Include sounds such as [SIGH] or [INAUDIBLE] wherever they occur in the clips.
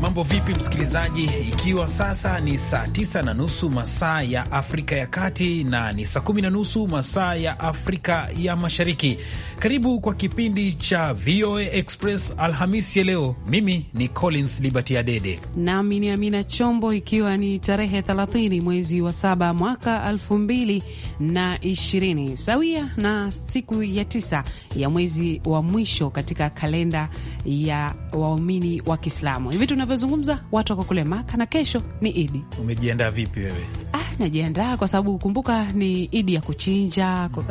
Mambo vipi, msikilizaji? Ikiwa sasa ni saa tisa na nusu masaa ya Afrika ya Kati na ni saa kumi na nusu masaa ya Afrika ya Mashariki, karibu kwa kipindi cha VOA Express Alhamisi ya leo. Mimi ni Collins Liberty Adede nami ni Amina Chombo, ikiwa ni tarehe 30 mwezi wa saba mwaka 2020 sawia na siku ya tisa ya mwezi wa mwisho katika kalenda ya waumini wa Kiislamu hivi tuna tunavyozungumza watu wako kule Maka na kesho ni Idi. Umejiandaa vipi wewe? Ah, najiandaa kwa sababu kumbuka ni Idi ya kuchinja. Uh,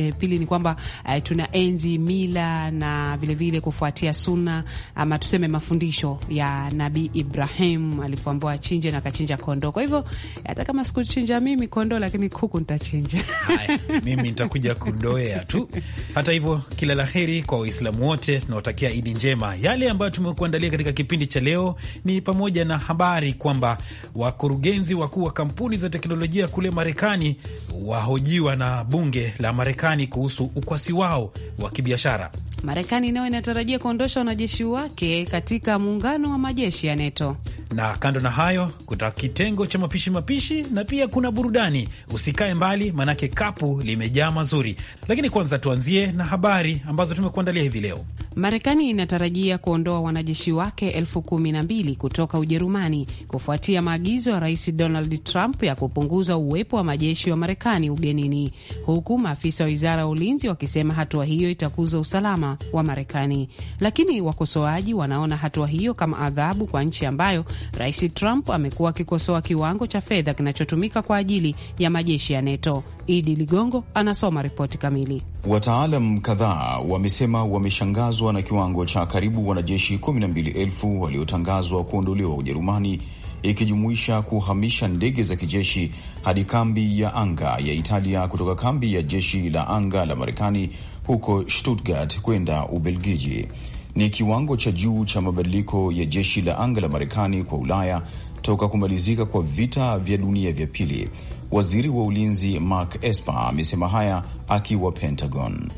e, pili ni kwamba uh, tuna enzi mila na vilevile vile kufuatia suna ama tuseme mafundisho ya Nabii Ibrahim alipoambiwa achinje na akachinja kondoo. Kwa hivyo hata kama sikuchinja mimi kondoo, lakini kuku nitachinja. Haya, mimi nitakuja kudoea tu. Hata hivyo, kila la heri kwa Waislamu wote, tunawatakia Idi njema. Yale ambayo tumekuandalia katika kipindi cha leo ni pamoja na habari kwamba wakurugenzi wakuu wa kampuni za teknolojia kule Marekani wahojiwa na bunge la Marekani kuhusu ukwasi wao wa kibiashara. Marekani nayo inatarajia kuondosha wanajeshi wake katika muungano wa majeshi ya NATO. Na kando na hayo, kuna kitengo cha mapishi mapishi na pia kuna burudani. Usikae mbali, manake kapu limejaa mazuri. Lakini kwanza tuanzie na habari ambazo tumekuandalia hivi leo. Marekani inatarajia kuondoa wanajeshi wake elfu kumi na mbili kutoka Ujerumani kufuatia maagizo ya Rais Donald Trump ya kupunguza uwepo wa majeshi wa Marekani ugenini, huku maafisa wa wizara ya ulinzi wakisema hatua wa hiyo itakuza usalama wa Marekani, lakini wakosoaji wanaona hatua hiyo kama adhabu kwa nchi ambayo Rais Trump amekuwa akikosoa kiwango cha fedha kinachotumika kwa ajili ya majeshi ya NATO. Idi Ligongo anasoma ripoti kamili. Wataalam kadhaa wamesema wameshangazwa na kiwango cha karibu wanajeshi 12,000 waliotangazwa kuondolewa Ujerumani, ikijumuisha kuhamisha ndege za kijeshi hadi kambi ya anga ya Italia kutoka kambi ya jeshi la anga la Marekani huko Stuttgart kwenda Ubelgiji. Ni kiwango cha juu cha mabadiliko ya jeshi la anga la Marekani kwa Ulaya toka kumalizika kwa vita vya dunia vya pili. Waziri wa ulinzi Mark Esper amesema haya akiwa Pentagon.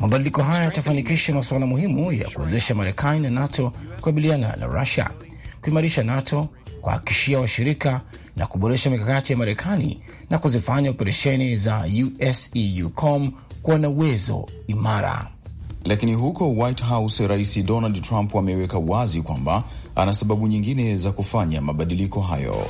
Mabadiliko haya yatafanikisha masuala muhimu ya kuwezesha Marekani na NATO kukabiliana na Rusia, kuimarisha NATO, kuhakikishia washirika na kuboresha mikakati ya Marekani na kuzifanya operesheni za USEUCOM kuwa na uwezo imara. Lakini huko White House, Rais Donald Trump ameweka wazi kwamba ana sababu nyingine za kufanya mabadiliko hayo.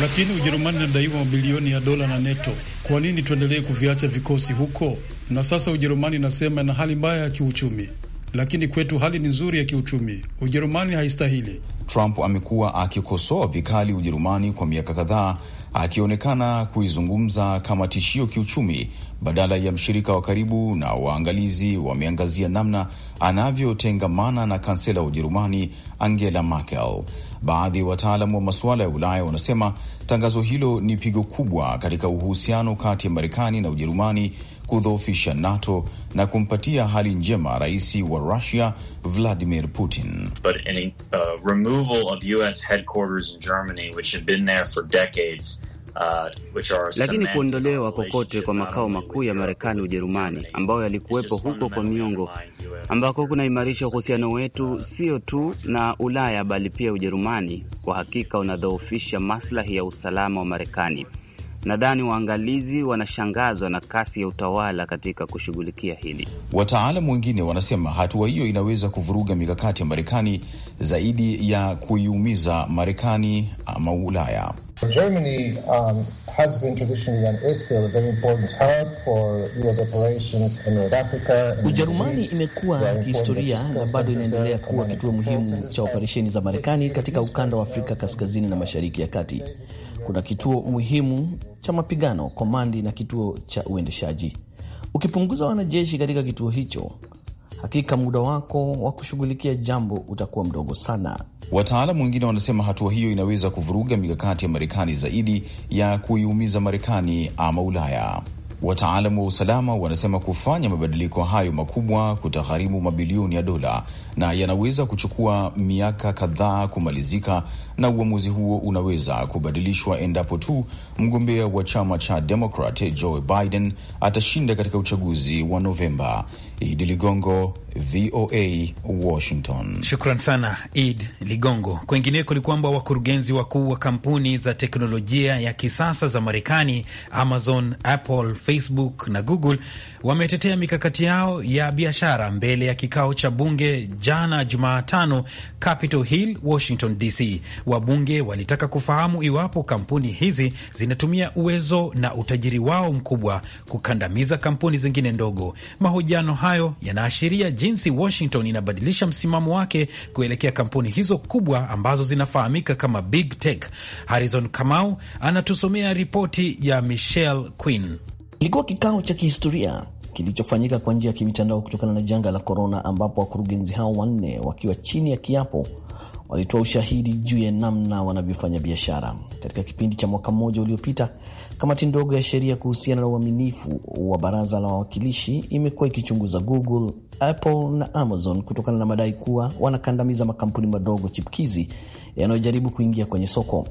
Lakini Ujerumani inadaiwa mabilioni ya dola na NATO. Kwa nini tuendelee kuviacha vikosi huko? Na sasa Ujerumani inasema ina hali mbaya ya kiuchumi lakini kwetu hali ni nzuri ya kiuchumi. Ujerumani haistahili. Trump amekuwa akikosoa vikali Ujerumani kwa miaka kadhaa, akionekana kuizungumza kama tishio kiuchumi badala ya mshirika wa karibu, na waangalizi wameangazia namna anavyotengamana na kansela wa Ujerumani Angela Merkel. Baadhi ya wataalam wa masuala ya Ulaya wanasema tangazo hilo ni pigo kubwa katika uhusiano kati ya Marekani na Ujerumani, kudhoofisha NATO na kumpatia hali njema rais wa Rusia Vladimir Putin. But uh, removal of US headquarters in Germany, which been there for decades Uh, lakini kuondolewa kokote kwa makao makuu ya Marekani, Ujerumani ambayo yalikuwepo huko kwa miongo, ambako kunaimarisha uhusiano wetu sio tu na Ulaya bali pia Ujerumani, kwa hakika unadhoofisha maslahi ya usalama wa Marekani. Nadhani waangalizi wanashangazwa na kasi ya utawala katika kushughulikia hili. Wataalamu wengine wanasema hatua hiyo inaweza kuvuruga mikakati ya Marekani zaidi ya kuiumiza Marekani ama Ulaya. Germany um, has been traditionally and is still a very important hub for US operations in North Africa. Ujerumani imekuwa kihistoria na bado inaendelea kuwa kituo muhimu cha operesheni za Marekani katika ukanda wa Afrika kaskazini na mashariki ya kati. Kuna kituo muhimu cha mapigano, komandi na kituo cha uendeshaji. Ukipunguza wanajeshi katika kituo hicho, hakika muda wako wa kushughulikia jambo utakuwa mdogo sana. Wataalamu wengine wanasema hatua hiyo inaweza kuvuruga mikakati ya Marekani zaidi ya kuiumiza Marekani ama Ulaya. Wataalamu wa usalama wanasema kufanya mabadiliko hayo makubwa kutagharimu mabilioni ya dola na yanaweza kuchukua miaka kadhaa kumalizika, na uamuzi huo unaweza kubadilishwa endapo tu mgombea wa chama cha Demokrat Joe Biden atashinda katika uchaguzi wa Novemba. Idi Ligongo VOA Washington. Shukran sana ed Ligongo. Kwengineko ni kwamba wakurugenzi wakuu wa kampuni za teknolojia ya kisasa za Marekani, Amazon, Apple, Facebook na Google wametetea mikakati yao ya biashara mbele ya kikao cha bunge jana Jumatano, Capitol Hill, Washington DC. Wabunge walitaka kufahamu iwapo kampuni hizi zinatumia uwezo na utajiri wao mkubwa kukandamiza kampuni zingine ndogo. Mahojiano hayo yanaashiria jinsi Washington inabadilisha msimamo wake kuelekea kampuni hizo kubwa ambazo zinafahamika kama big tech. Harrison Kamau anatusomea ripoti ya Michelle Quinn. Ilikuwa kikao cha kihistoria kilichofanyika kwa njia ya kimitandao kutokana na janga la korona, ambapo wakurugenzi hao wanne wakiwa chini ya kiapo walitoa ushahidi juu ya namna wanavyofanya biashara. Katika kipindi cha mwaka mmoja uliopita, Kamati ndogo ya sheria kuhusiana na uaminifu wa baraza la wawakilishi imekuwa ikichunguza Google, Apple na Amazon kutokana na madai kuwa wanakandamiza makampuni madogo chipkizi yanayojaribu kuingia kwenye soko.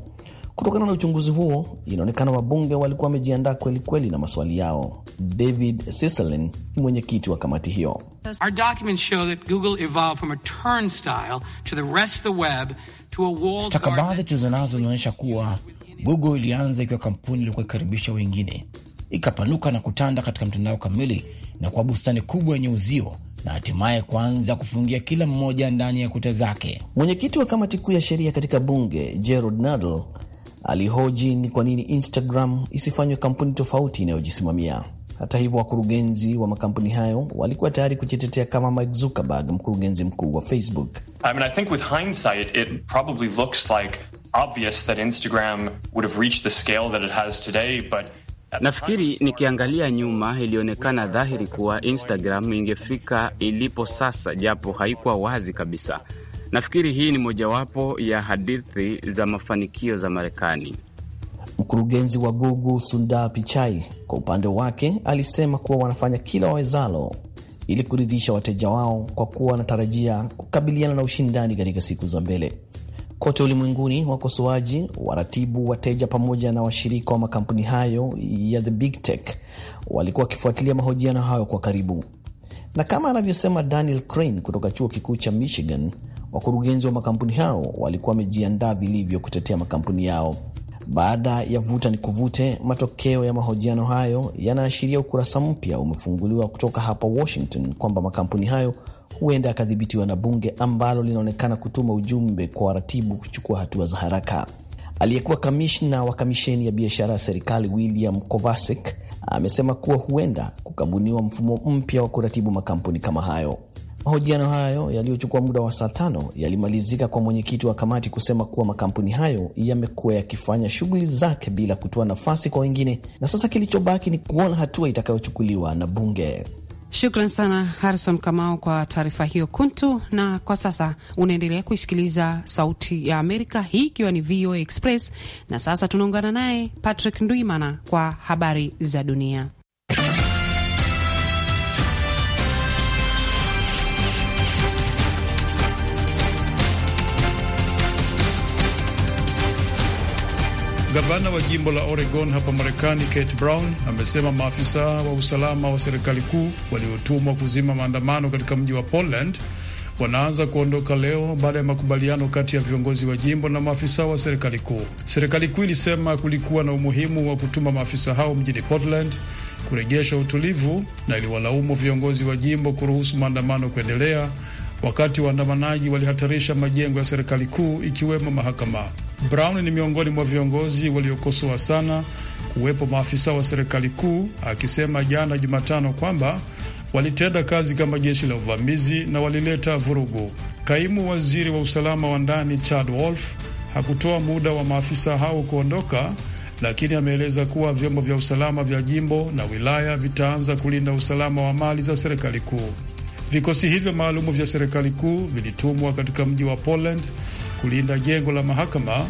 Kutokana na uchunguzi huo, inaonekana wabunge walikuwa wamejiandaa kweli kweli na maswali yao. David Sesselin ni mwenyekiti wa kamati hiyo. Our documents show that Google evolved from a turnstile to the rest of the web to a walled garden. Stakabadhi tulizonazo zinaonyesha kuwa Google ilianza ikiwa kampuni iliyokuwa ikikaribisha wengine, ikapanuka na kutanda katika mtandao kamili na kuwa bustani kubwa yenye uzio na hatimaye kuanza kufungia kila mmoja ndani ya kuta zake. Mwenyekiti wa kamati kuu ya sheria katika bunge Gerald Nadler alihoji ni kwa nini Instagram isifanywe kampuni tofauti inayojisimamia. Hata hivyo, wakurugenzi wa makampuni hayo walikuwa tayari kujitetea kama Mark Zuckerberg, mkurugenzi mkuu wa Facebook. I mean, I think with hindsight it probably looks like obvious that Instagram would have reached the scale that it has today, but Nafikiri nikiangalia nyuma ilionekana dhahiri kuwa Instagram ingefika ilipo sasa, japo haikuwa wazi kabisa. Nafikiri hii ni mojawapo ya hadithi za mafanikio za Marekani. Mkurugenzi wa Google Sundar Pichai kwa upande wake alisema kuwa wanafanya kila wawezalo ili kuridhisha wateja wao kwa kuwa wanatarajia kukabiliana na ushindani katika siku za mbele. Kote ulimwenguni wakosoaji, waratibu, wateja pamoja na washirika wa makampuni hayo ya the big tech walikuwa wakifuatilia mahojiano hayo kwa karibu, na kama anavyosema Daniel Crane kutoka chuo kikuu cha Michigan, wakurugenzi wa makampuni hao walikuwa wamejiandaa vilivyo kutetea makampuni yao. Baada ya vuta ni kuvute, matokeo ya mahojiano hayo yanaashiria ukurasa mpya umefunguliwa kutoka hapa Washington kwamba makampuni hayo huenda akadhibitiwa na bunge ambalo linaonekana kutuma ujumbe kwa waratibu kuchukua hatua za haraka. Aliyekuwa kamishna wa kamisheni ya biashara ya serikali William Kovasek amesema kuwa huenda kukabuniwa mfumo mpya wa kuratibu makampuni kama hayo. Mahojiano hayo yaliyochukua muda wa saa tano yalimalizika kwa mwenyekiti wa kamati kusema kuwa makampuni hayo yamekuwa yakifanya shughuli zake bila kutoa nafasi kwa wengine, na sasa kilichobaki ni kuona hatua itakayochukuliwa na bunge. Shukran sana Harrison Kamau kwa taarifa hiyo kuntu. Na kwa sasa unaendelea kuisikiliza Sauti ya Amerika, hii ikiwa ni VOA Express, na sasa tunaungana naye Patrick Ndwimana kwa habari za dunia. Gavana wa jimbo la Oregon hapa Marekani, Kate Brown amesema maafisa wa usalama wa serikali kuu waliotumwa kuzima maandamano katika mji wa Portland wanaanza kuondoka leo baada ya makubaliano kati ya viongozi wa jimbo na maafisa wa serikali kuu. Serikali kuu ilisema kulikuwa na umuhimu wa kutuma maafisa hao mjini Portland kurejesha utulivu, na iliwalaumu viongozi wa jimbo kuruhusu maandamano kuendelea wakati waandamanaji walihatarisha majengo ya serikali kuu ikiwemo mahakama. Brown ni miongoni mwa viongozi waliokosoa sana kuwepo maafisa wa serikali kuu, akisema jana Jumatano kwamba walitenda kazi kama jeshi la uvamizi na walileta vurugu. Kaimu waziri wa usalama wa ndani Chad Wolf hakutoa muda wa maafisa hao kuondoka, lakini ameeleza kuwa vyombo vya usalama vya jimbo na wilaya vitaanza kulinda usalama wa mali za serikali kuu. Vikosi hivyo maalumu vya serikali kuu vilitumwa katika mji wa Poland kulinda jengo la mahakama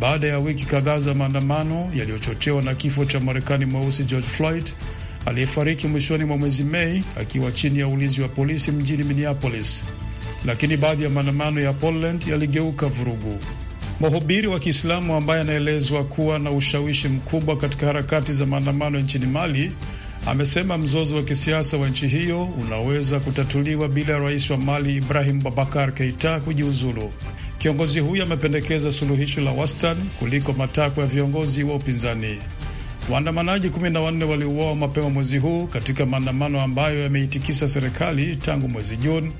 baada ya wiki kadhaa za maandamano yaliyochochewa na kifo cha Marekani mweusi George Floyd aliyefariki mwishoni mwa mwezi Mei akiwa chini ya ulinzi wa polisi mjini Minneapolis. Lakini baadhi ya maandamano ya Poland yaligeuka vurugu. Mhubiri wa Kiislamu ambaye anaelezwa kuwa na ushawishi mkubwa katika harakati za maandamano nchini Mali amesema mzozo wa kisiasa wa nchi hiyo unaweza kutatuliwa bila rais wa Mali Ibrahim Babakar Keita kujiuzulu. Kiongozi huyo amependekeza suluhisho la wastani kuliko matakwa ya viongozi wa upinzani. Waandamanaji kumi na wanne waliuawa mapema mwezi huu katika maandamano ambayo yameitikisa serikali tangu mwezi Juni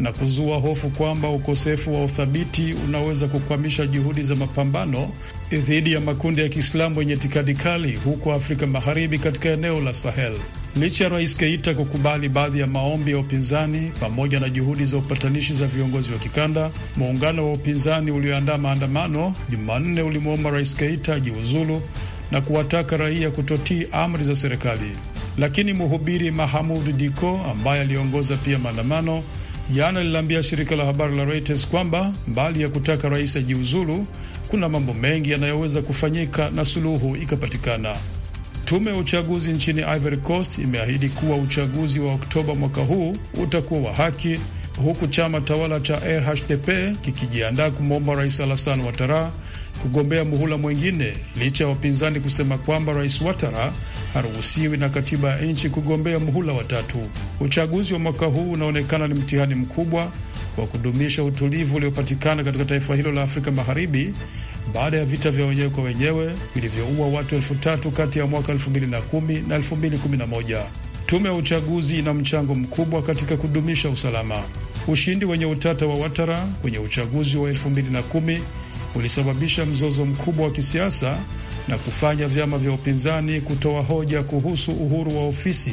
na kuzua hofu kwamba ukosefu wa uthabiti unaweza kukwamisha juhudi za mapambano dhidi ya makundi ya Kiislamu yenye itikadi kali huko Afrika Magharibi katika eneo la Sahel. Licha ya Rais Keita kukubali baadhi ya maombi ya upinzani pamoja na juhudi za upatanishi za viongozi wa kikanda, muungano wa upinzani ulioandaa maandamano Jumanne ulimwomba Rais Keita ajiuzulu na kuwataka raia kutotii amri za serikali, lakini mhubiri Mahamud Diko ambaye aliongoza pia maandamano Jana liliambia shirika la habari la Reuters kwamba mbali ya kutaka rais ajiuzulu, kuna mambo mengi yanayoweza kufanyika na suluhu ikapatikana. Tume ya uchaguzi nchini Ivory Coast imeahidi kuwa uchaguzi wa Oktoba mwaka huu utakuwa wa haki huku chama tawala cha RHDP kikijiandaa kumwomba Rais Alasan Watara kugombea muhula mwingine licha ya wapinzani kusema kwamba Rais Watara haruhusiwi na katiba ya nchi kugombea muhula watatu. Uchaguzi wa mwaka huu unaonekana ni mtihani mkubwa wa kudumisha utulivu uliopatikana katika taifa hilo la Afrika Magharibi baada ya vita vya wenyewe kwa wenyewe vilivyoua watu elfu tatu kati ya mwaka elfu mbili na kumi na elfu mbili kumi na moja. Tume ya uchaguzi ina mchango mkubwa katika kudumisha usalama. Ushindi wenye utata wa Watara kwenye uchaguzi wa 2010 ulisababisha mzozo mkubwa wa kisiasa na kufanya vyama vya upinzani kutoa hoja kuhusu uhuru wa ofisi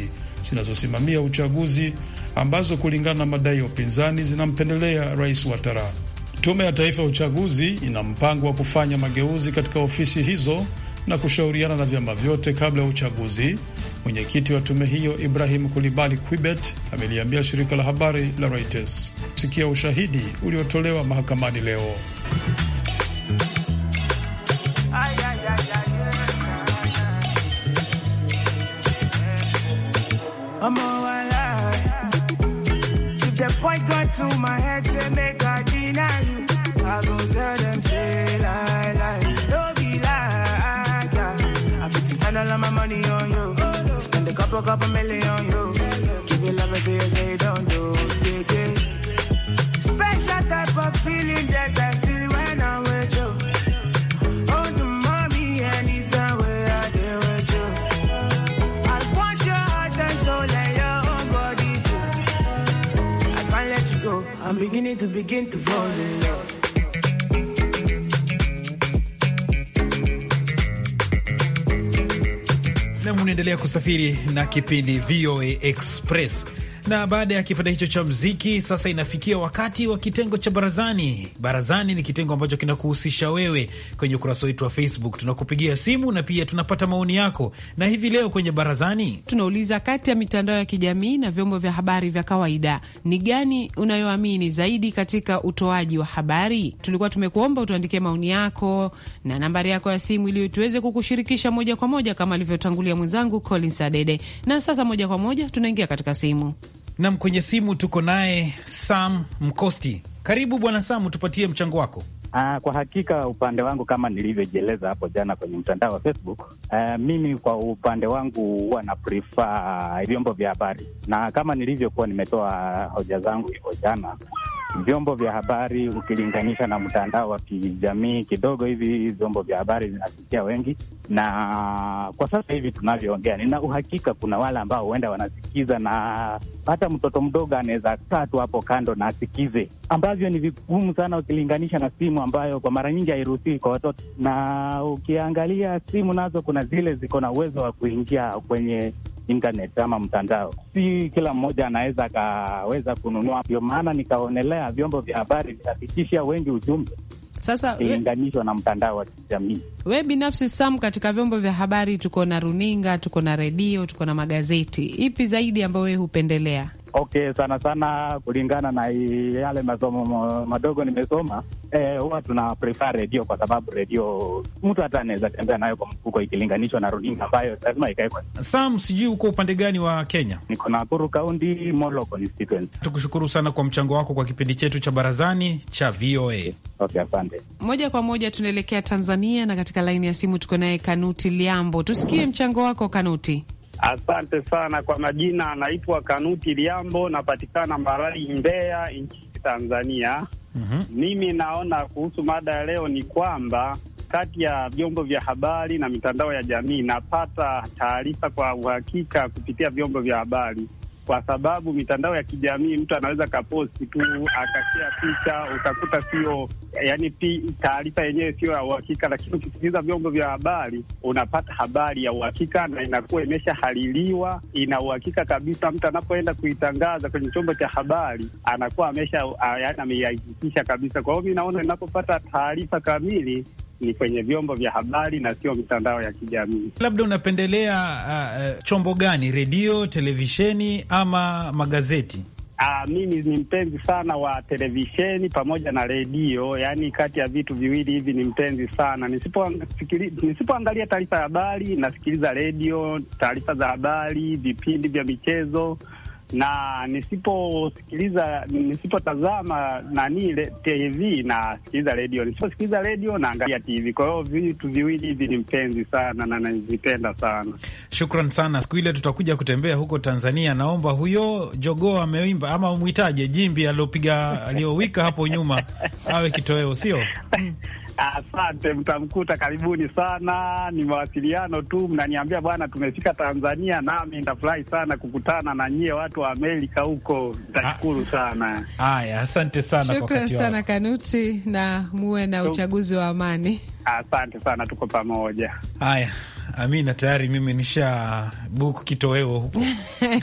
zinazosimamia uchaguzi ambazo kulingana na madai ya upinzani zinampendelea Rais Watara. Tume ya Taifa ya Uchaguzi ina mpango wa kufanya mageuzi katika ofisi hizo na kushauriana na vyama vyote kabla ya uchaguzi. Mwenyekiti wa tume hiyo Ibrahim Kulibali Quibet ameliambia shirika la habari la Reuters. Sikia ushahidi uliotolewa mahakamani leo. up a million, yo. Give your love until you say don't do. Yeah, yeah. Special type of feeling that I feel when I'm with you. Oh, the anytime I want your heart and soul and your body too. I can't let you go. I'm beginning to begin to fall in love. unaendelea kusafiri na kipindi VOA Express na baada ya kipande hicho cha mziki, sasa inafikia wakati wa kitengo cha barazani. Barazani ni kitengo ambacho kinakuhusisha wewe. Kwenye ukurasa wetu wa Facebook tunakupigia simu na pia tunapata maoni yako, na hivi leo kwenye barazani tunauliza, kati ya mitandao ya kijamii na vyombo vya habari vya kawaida, ni gani unayoamini zaidi katika utoaji wa habari? Tulikuwa tumekuomba utuandikie maoni yako na nambari yako ya simu ili tuweze kukushirikisha moja kwa moja, kama alivyotangulia mwenzangu Collins Adede. Na sasa moja kwa moja tunaingia katika simu Nam, kwenye simu tuko naye Sam Mkosti. Karibu bwana Sam, tupatie mchango wako. Aa, ah, kwa hakika upande wangu kama nilivyojieleza hapo jana kwenye mtandao wa Facebook, aa, eh, mimi kwa upande wangu huwa na prefer eh, vyombo vya habari, na kama nilivyokuwa nimetoa hoja zangu hivo jana, vyombo vya habari ukilinganisha na mtandao wa kijamii kidogo hivi, vyombo vya habari vinafikia wengi, na kwa sasa hivi tunavyoongea, nina uhakika kuna wale ambao huenda wanasikiza, na hata mtoto mdogo anaweza kaa tu hapo kando na asikize, ambavyo ni vigumu sana ukilinganisha na simu ambayo kwa mara nyingi hairuhusiwi kwa watoto. Na ukiangalia simu nazo kuna zile ziko na uwezo wa kuingia kwenye internet ama mtandao, si kila mmoja anaweza akaweza kununua. Ndio maana nikaonelea vyombo vya habari vinafikisha wengi ujumbe sasa ilinganishwa na mtandao wa kijamii. We binafsi Sam, katika vyombo vya habari tuko na runinga, tuko na redio, tuko na magazeti, ipi zaidi ambayo we hupendelea? Okay, sana sana kulingana na yale masomo madogo nimesoma, eh, huwa tuna prefer redio kwa sababu redio mtu hata anaweza tembea nayo kwa mfuko ikilinganishwa na runinga ambayo lazima ikawekwa. Sam, sijui uko upande gani wa Kenya? Niko Nakuru County, Molo constituency. Tukushukuru sana kwa mchango wako kwa kipindi chetu cha barazani cha VOA. Okay, asante. Moja kwa moja tunaelekea Tanzania na katika laini ya simu tuko naye Kanuti Liambo, tusikie mchango wako Kanuti. Asante sana kwa majina, anaitwa Kanuti Liambo, napatikana Mbarali, Mbeya, nchini Tanzania. mm -hmm. Mimi naona kuhusu mada ya leo ni kwamba kati ya vyombo vya habari na mitandao ya jamii, napata taarifa kwa uhakika kupitia vyombo vya habari kwa sababu mitandao ya kijamii mtu anaweza kaposti tu akashea picha, utakuta sio yani, taarifa yenyewe sio ya uhakika, lakini ukisikiliza vyombo vya habari unapata habari ya uhakika na inakuwa imeshahaririwa, ina uhakika kabisa. Mtu anapoenda kuitangaza kwenye chombo cha habari anakuwa amesha, yani ameihakikisha kabisa. Kwa hiyo mi naona inapopata taarifa kamili ni kwenye vyombo vya habari na sio mitandao ya kijamii. Labda unapendelea uh, uh chombo gani, redio, televisheni ama magazeti? Uh, mimi ni mpenzi sana wa televisheni pamoja na redio, yaani kati ya vitu viwili hivi ni mpenzi sana. Nisipoangalia nisipo taarifa ya habari, nasikiliza redio, taarifa za habari, vipindi vya michezo na nisiposikiliza, nisipotazama nani TV nasikiliza redio, nisiposikiliza redio naangalia TV. Kwa hiyo vitu viwili hivi ni mpenzi sana na nazipenda sana. Shukran sana, siku ile tutakuja kutembea huko Tanzania. Naomba huyo jogoo ameimba ama umwitaje, jimbi aliopiga aliowika hapo nyuma awe kitoweo, sio [LAUGHS] Asante, mtamkuta. Karibuni sana, ni mawasiliano tu, mnaniambia bwana, tumefika Tanzania, nami nitafurahi sana kukutana na nyie watu wa Amerika huko, nitashukuru ah. sana. Haya, asante sana, shukran sana Kanuti, na muwe na uchaguzi wa amani. Asante sana, tuko pamoja. Haya. Amina, tayari mimi nisha buku kitoweo huko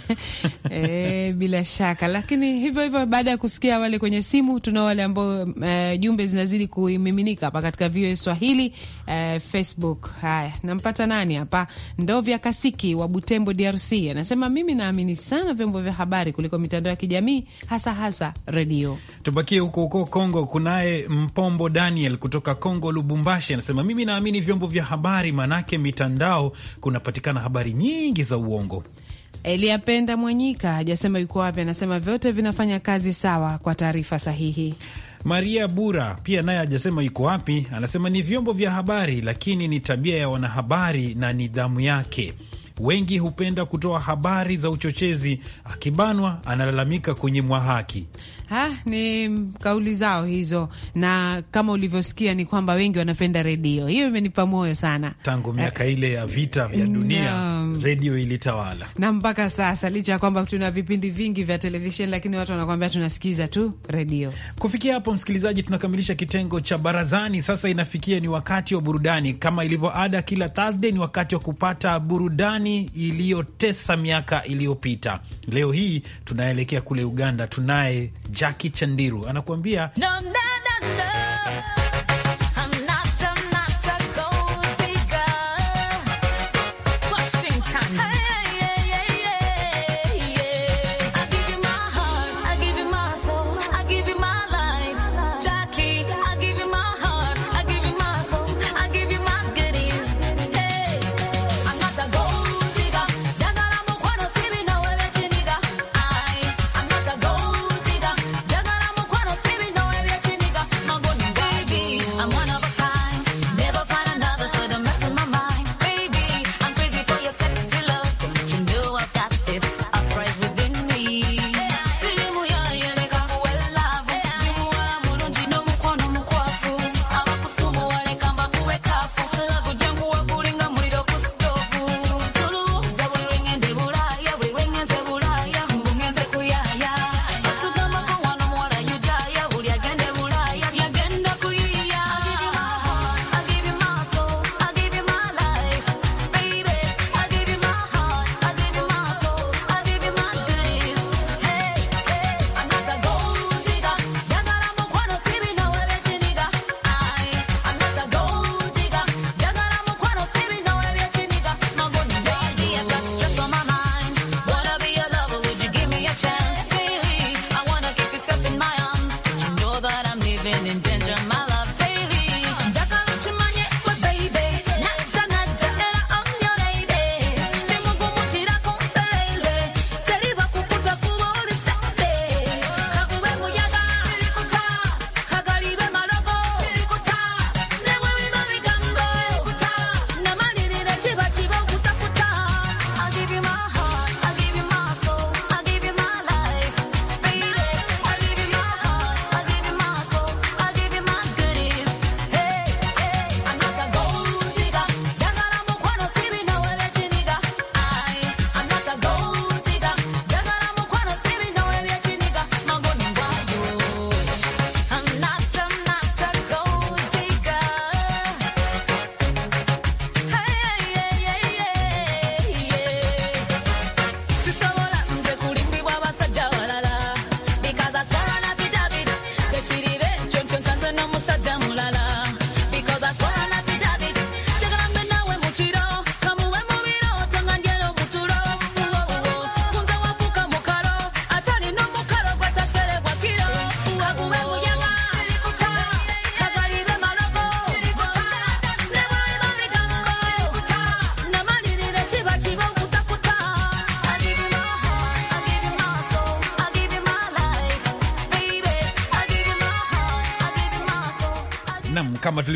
[LAUGHS] e, bila shaka. Lakini hivyo hivyo, baada ya kusikia wale kwenye simu, tuna wale ambao e, jumbe zinazidi kuimiminika hapa katika VOA Swahili e, Facebook. Haya, nampata nani hapa? Ndovya Kasiki wa Butembo, DRC, anasema mimi naamini sana vyombo vya habari kuliko mitandao ya kijamii, hasa hasa redio. Tubakie huko huko Kongo, kunaye Mpombo Daniel kutoka Kongo, Lubumbashi, anasema mimi naamini vyombo vya habari, manake mitandao mitandao kunapatikana habari nyingi za uongo. Elia Penda Mwanyika hajasema yuko wapi, anasema vyote vinafanya kazi sawa kwa taarifa sahihi. Maria Bura pia naye hajasema yuko wapi, anasema ni vyombo vya habari, lakini ni tabia ya wanahabari na nidhamu yake wengi hupenda kutoa habari za uchochezi, akibanwa analalamika kunyimwa haki. Ha, ni kauli zao hizo, na kama ulivyosikia ni kwamba wengi wanapenda redio. Hiyo imenipa moyo sana. Tangu eh, miaka uh, ile ya vita vya dunia no, redio ilitawala na mpaka sasa, licha ya kwamba tuna vipindi vingi vya televisheni, lakini watu wanakwambia tunasikiza tu redio. Kufikia hapo, msikilizaji, tunakamilisha kitengo cha barazani. Sasa inafikia ni wakati wa burudani. Kama ilivyo ada, kila Thursday ni wakati wa kupata burudani iliyotesa miaka iliyopita. Leo hii tunaelekea kule Uganda, tunaye Jackie Chandiru anakuambia no, no, no, no.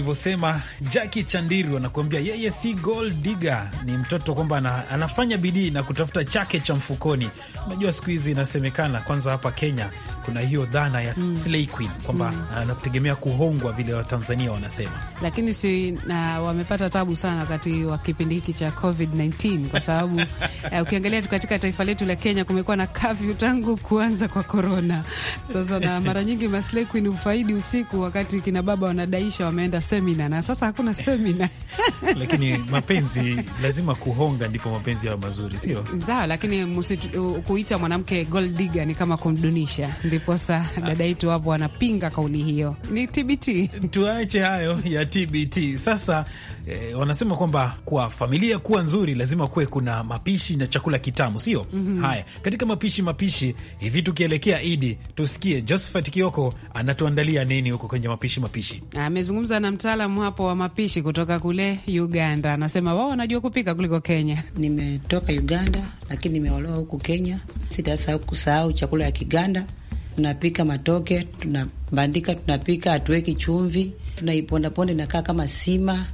ulivyosema, Jackie Chandiru anakuambia yeye si gold digger, ni mtoto kwamba anafanya bidii na kutafuta chake cha mfukoni. Unajua siku hizi inasemekana kwanza hapa Kenya kuna hiyo dhana ya mm. slay queen kwamba mm. anategemea uh, kuhongwa vile Watanzania wanasema, lakini si na wamepata tabu sana wakati wa kipindi hiki cha COVID-19 kwa sababu [LAUGHS] uh, ukiangalia katika taifa letu la Kenya kumekuwa na kafyu tangu kuanza kwa korona. Sasa na [LAUGHS] mara nyingi maslay queen ufaidi usiku, wakati kina baba wanadaisha wameenda semina, na sasa hakuna semina [LAUGHS] lakini mapenzi lazima kuhonga, ndipo mapenzi yayo mazuri, sio sawa? Lakini msi kuita mwanamke gold digger ni kama kumdunisha, ndivyo ndiposa dada yetu hapo anapinga kauli hiyo. Ni TBT, tuache hayo ya TBT. Sasa eh, wanasema kwamba kwa familia kuwa nzuri lazima kuwe kuna mapishi na chakula kitamu, sio? mm -hmm. Haya, katika mapishi mapishi hivi, tukielekea Idi tusikie Josephat Kioko anatuandalia nini huko kwenye mapishi mapishi. Amezungumza na mtaalamu hapo wa mapishi kutoka kule Uganda, anasema wao wanajua kupika kuliko Kenya. Nimetoka Uganda lakini nimeolewa huku Kenya, sitasahau kusahau chakula ya Kiganda tunapika matoke, tunabandika, tunapika, hatuweki chumvi, tunaipondaponda inakaa kama sima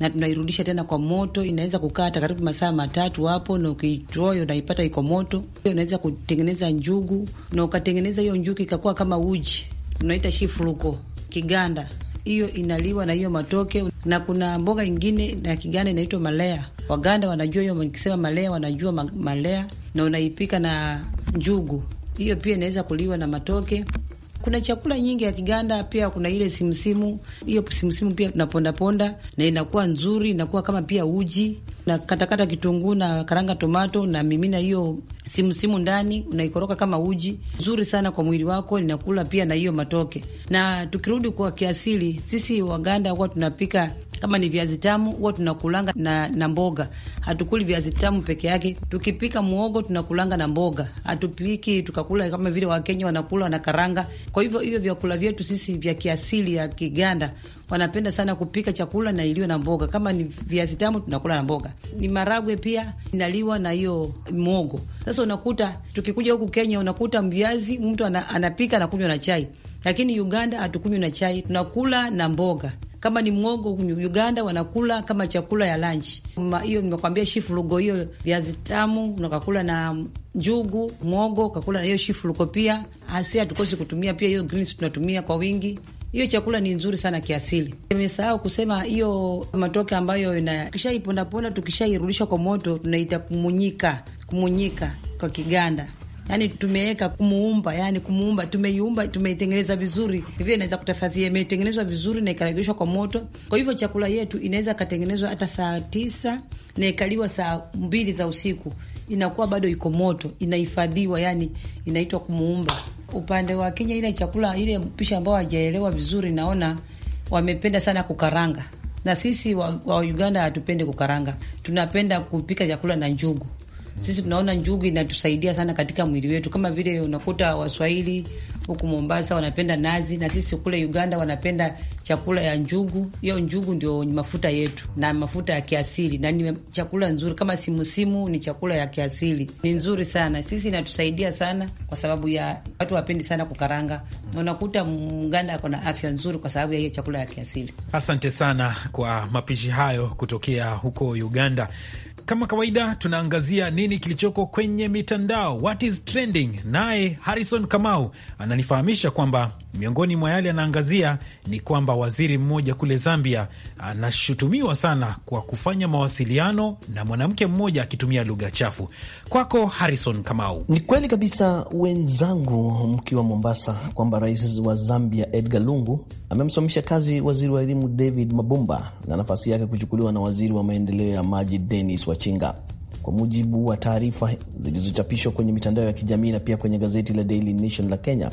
na tunairudisha tena kwa moto. Inaweza kukaa hata karibu masaa matatu hapo, na ukiitroy unaipata iko moto. Hiyo Unaweza kutengeneza njugu na ukatengeneza hiyo njugu ikakuwa kama uji, unaita shifuruko kiganda. Hiyo inaliwa na hiyo matoke, na kuna mboga ingine na kiganda inaitwa malea. Waganda wanajua hiyo, kisema malea wanajua malea, na unaipika na njugu hiyo pia inaweza kuliwa na matoke. Kuna chakula nyingi ya Kiganda, pia kuna ile simsimu. Hiyo simsimu pia tunapondaponda na inakuwa nzuri, inakuwa kama pia uji na katakata kitunguu na karanga tomato na mimina hiyo simusimu ndani, unaikoroka kama uji. Nzuri sana kwa mwili wako, linakula pia na hiyo matoke. Na tukirudi kwa kiasili, sisi Waganda huwa tunapika kama ni viazi tamu, huwa tunakulanga na, na mboga. Hatukuli viazi tamu peke yake. Tukipika muogo tunakulanga na mboga, hatupiki tukakula kama vile Wakenya wanakula na karanga. Kwa hivyo hivyo vyakula vyetu sisi vya kiasili ya Kiganda wanapenda sana kupika chakula na iliyo na mboga. Kama ni viazi tamu tunakula na mboga ni maragwe, pia inaliwa na hiyo mwogo. Sasa unakuta tukikuja huku Kenya, unakuta mviazi mtu anapika anakunywa na chai, lakini Uganda hatukunywi na chai, tunakula na mboga kama ni mwogo Uganda wanakula kama chakula ya lunch. Hiyo nimekwambia shifurugo, hiyo viazi tamu unakakula na njugu, mwogo kakula na hiyo shifurugo pia. asi hatukosi kutumia pia hiyo greens, tunatumia kwa wingi hiyo chakula ni nzuri sana kiasili. Nimesahau kusema hiyo matoke ambayo ina tukishaipondaponda, tukishairudisha kwa moto tunaita kumunyika, kumunyika kwa Kiganda Yani tumeweka kumuumba, yani kumuumba, tumeiumba, tumeitengeneza vizuri hivyo, inaweza kutafazia, imetengenezwa vizuri na ikaragishwa kwa moto. Kwa hivyo chakula yetu inaweza katengenezwa hata saa tisa na ikaliwa saa mbili za usiku, inakuwa bado iko moto, inahifadhiwa, yani inaitwa kumuumba upande wa Kenya ile chakula ile mpisha ambao hajaelewa vizuri, naona wamependa sana kukaranga, na sisi wa, wa Uganda hatupende kukaranga, tunapenda kupika chakula na njugu. Sisi tunaona njugu inatusaidia sana katika mwili wetu, kama vile unakuta Waswahili huku Mombasa wanapenda nazi, na sisi kule Uganda wanapenda chakula ya njugu. Hiyo njugu ndio mafuta yetu na mafuta ya kiasili, na ni chakula nzuri. Kama simusimu ni chakula ya kiasili, ni nzuri sana. Sisi inatusaidia sana kwa sababu ya watu wapendi sana kukaranga, na unakuta Mganda ako na afya nzuri kwa sababu ya hiyo chakula ya kiasili. Asante sana kwa mapishi hayo kutokea huko Uganda kama kawaida tunaangazia nini kilichoko kwenye mitandao, what is trending. Naye Harrison Kamau ananifahamisha kwamba miongoni mwa yale anaangazia ni kwamba waziri mmoja kule Zambia anashutumiwa sana kwa kufanya mawasiliano na mwanamke mmoja akitumia lugha chafu. Kwako Harrison Kamau. Ni kweli kabisa, wenzangu mkiwa Mombasa, kwamba rais wa Zambia Edgar Lungu amemsimamisha kazi waziri wa elimu David mabumba na nafasi yake kuchukuliwa na waziri wa maendeleo ya maji Dennis wachinga. Kwa mujibu wa taarifa zilizochapishwa kwenye mitandao ya kijamii na pia kwenye gazeti la Daily Nation la Kenya,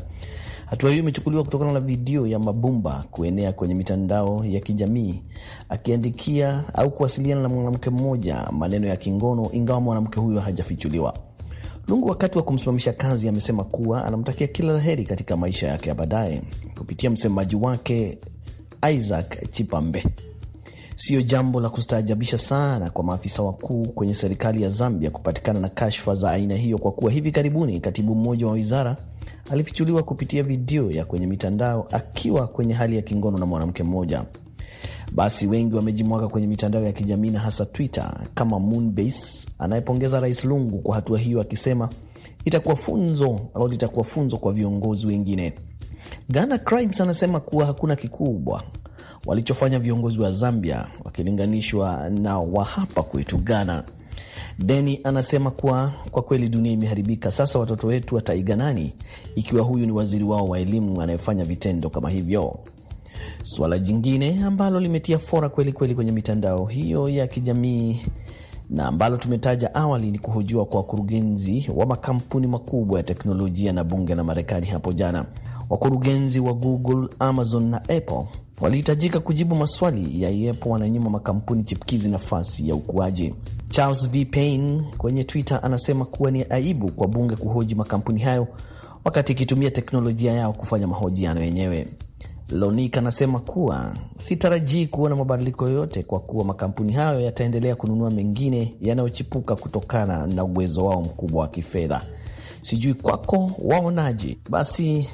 hatua hiyo imechukuliwa kutokana na video ya Mabumba kuenea kwenye mitandao ya kijamii akiandikia au kuwasiliana na mwanamke mmoja maneno ya kingono, ingawa mwanamke huyo hajafichuliwa. Lungu wakati wa kumsimamisha kazi amesema kuwa anamtakia kila laheri katika maisha yake ya baadaye kupitia msemaji wake Isaac Chipambe. Siyo jambo la kustaajabisha sana kwa maafisa wakuu kwenye serikali ya Zambia kupatikana na kashfa za aina hiyo, kwa kuwa hivi karibuni katibu mmoja wa wizara alifichuliwa kupitia video ya kwenye mitandao akiwa kwenye hali ya kingono na mwanamke mmoja. Basi wengi wamejimwaga kwenye mitandao ya kijamii na hasa Twitter kama Moonbase anayepongeza Rais Lungu kwa hatua hiyo, akisema itakuwa funzo au litakuwa funzo kwa viongozi wengine. Ghana Crimes anasema kuwa hakuna kikubwa walichofanya viongozi wa Zambia wakilinganishwa na wa hapa kwetu Ghana. Deni anasema kuwa kwa kweli dunia imeharibika sasa, watoto wetu wataiga nani ikiwa huyu ni waziri wao wa elimu anayefanya vitendo kama hivyo? Suala jingine ambalo limetia fora kweli kweli kwenye mitandao hiyo ya kijamii na ambalo tumetaja awali ni kuhojiwa kwa wakurugenzi wa makampuni makubwa ya teknolojia na bunge la Marekani hapo jana. Wakurugenzi wa Google, Amazon na Apple walihitajika kujibu maswali ya iwepo wananyima makampuni chipkizi nafasi ya ukuaji. Charles V Payne kwenye Twitter anasema kuwa ni aibu kwa bunge kuhoji makampuni hayo wakati ikitumia teknolojia yao kufanya mahojiano yenyewe. Lonik anasema kuwa sitarajii kuona mabadiliko yoyote kwa kuwa makampuni hayo yataendelea kununua mengine yanayochipuka kutokana na uwezo wao mkubwa wa kifedha. Sijui kwako waonaje? Basi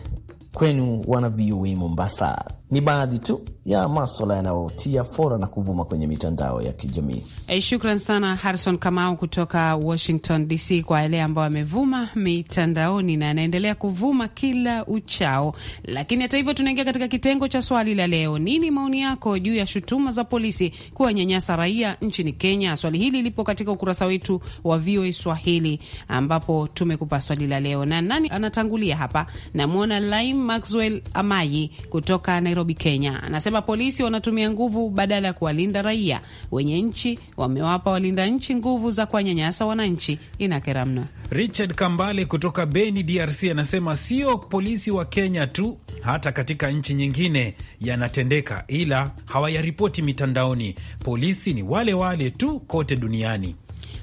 kwenu wana e Mombasa ni baadhi tu ya maswala yanayotia fora na kuvuma kwenye mitandao ya kijamii. Hey, shukran sana Harrison Kamau kutoka Washington DC kwa yale ambayo amevuma mitandaoni na anaendelea kuvuma kila uchao. Lakini hata hivyo, tunaingia katika kitengo cha swali la leo. Nini maoni yako juu ya shutuma za polisi kuwanyanyasa raia nchini Kenya? Swali hili lipo katika ukurasa wetu wa VOA Swahili ambapo tumekupa swali la leo, na nani anatangulia hapa? Namwona Lime Maxwell Amayi kutoka na Nairobi, Kenya, anasema polisi wanatumia nguvu badala ya kuwalinda raia. Wenye nchi wamewapa walinda nchi nguvu za kuwanyanyasa wananchi, inakera mno. Richard Kambale kutoka Beni, DRC, anasema sio polisi wa Kenya tu, hata katika nchi nyingine yanatendeka, ila hawayaripoti mitandaoni. Polisi ni wale wale tu kote duniani.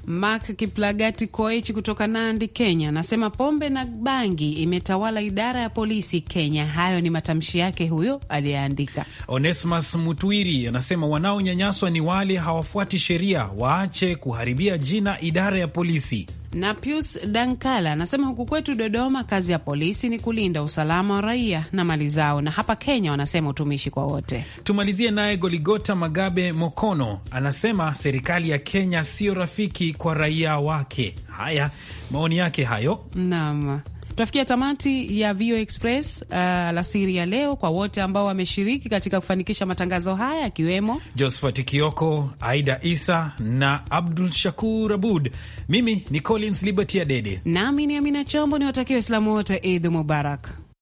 Mark Kiplagati Koech kutoka Nandi, Kenya, anasema pombe na bangi imetawala idara ya polisi Kenya. Hayo ni matamshi yake huyo aliyeandika. Onesmus Mutwiri anasema wanaonyanyaswa ni wale hawafuati sheria, waache kuharibia jina idara ya polisi. Na Pius Dankala anasema huku kwetu Dodoma, kazi ya polisi ni kulinda usalama wa raia na mali zao, na hapa Kenya wanasema utumishi kwa wote. Tumalizie naye Goligota Magabe Mokono anasema serikali ya Kenya siyo rafiki kwa raia wake. Haya, maoni yake hayo. Naam. Tutafikia tamati ya VOA Express uh, alasiri ya leo, kwa wote ambao wameshiriki katika kufanikisha matangazo haya, akiwemo Josephat Kioko, Aida Isa na Abdul Shakur Abud. Mimi ni Collins Liberty Adede nami ni Amina Chombo, ni niwatakia Waislamu wote Idhu Mubarak.